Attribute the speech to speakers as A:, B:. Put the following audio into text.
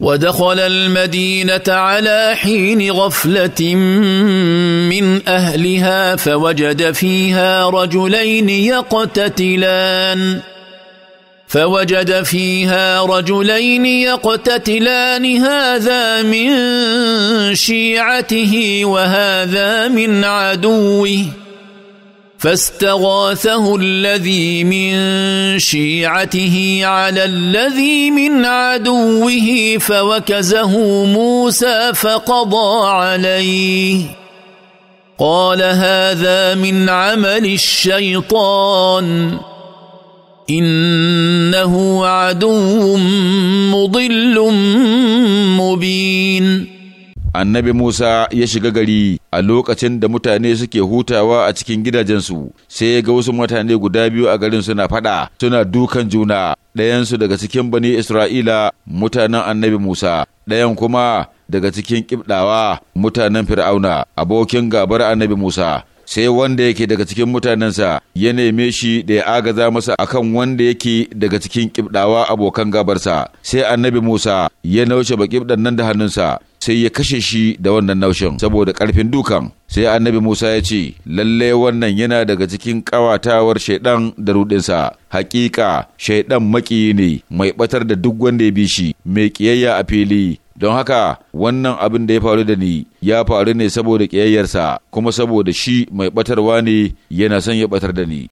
A: ودخل المدينه على حين غفله من اهلها فوجد فيها رجلين يقتتلان فوجد فيها رجلين يقتتلان هذا من شيعته وهذا من عدوه فاستغاثه الذي من شيعته على الذي من عدوه فوكزه موسى فقضى عليه قال هذا من عمل الشيطان انه عدو مضل مبين
B: النبي موسى يشغغلي a lokacin da mutane suke hutawa a cikin gidajensu sai ya ga wasu mutane guda biyu a garin suna faɗa suna dukan juna ɗayansu daga cikin bani isra'ila mutanen annabi musa ɗayan kuma daga cikin ƙibɗawa mutanen fir'auna abokin gabar annabi musa sai wanda yake daga cikin mutanensa ya neme shi da ya agaza masa akan wanda yake daga cikin kibdawa abokan gabarsa sai annabi Musa ya naushe bakibdan nan da hannunsa sai ya kashe shi da wannan naushin saboda karfin dukan sai annabi Musa ya ce lalle wannan yana daga cikin ƙawatawar shaidan da rudinsa hakika shaidan makiyi ne mai batar da duk wanda ya bi shi mai kiyayya a fili don haka wannan abin da ya faru da ni ya faru ne saboda ƙiyayyarsa kuma saboda shi mai batarwa ne yana son ya batar da ni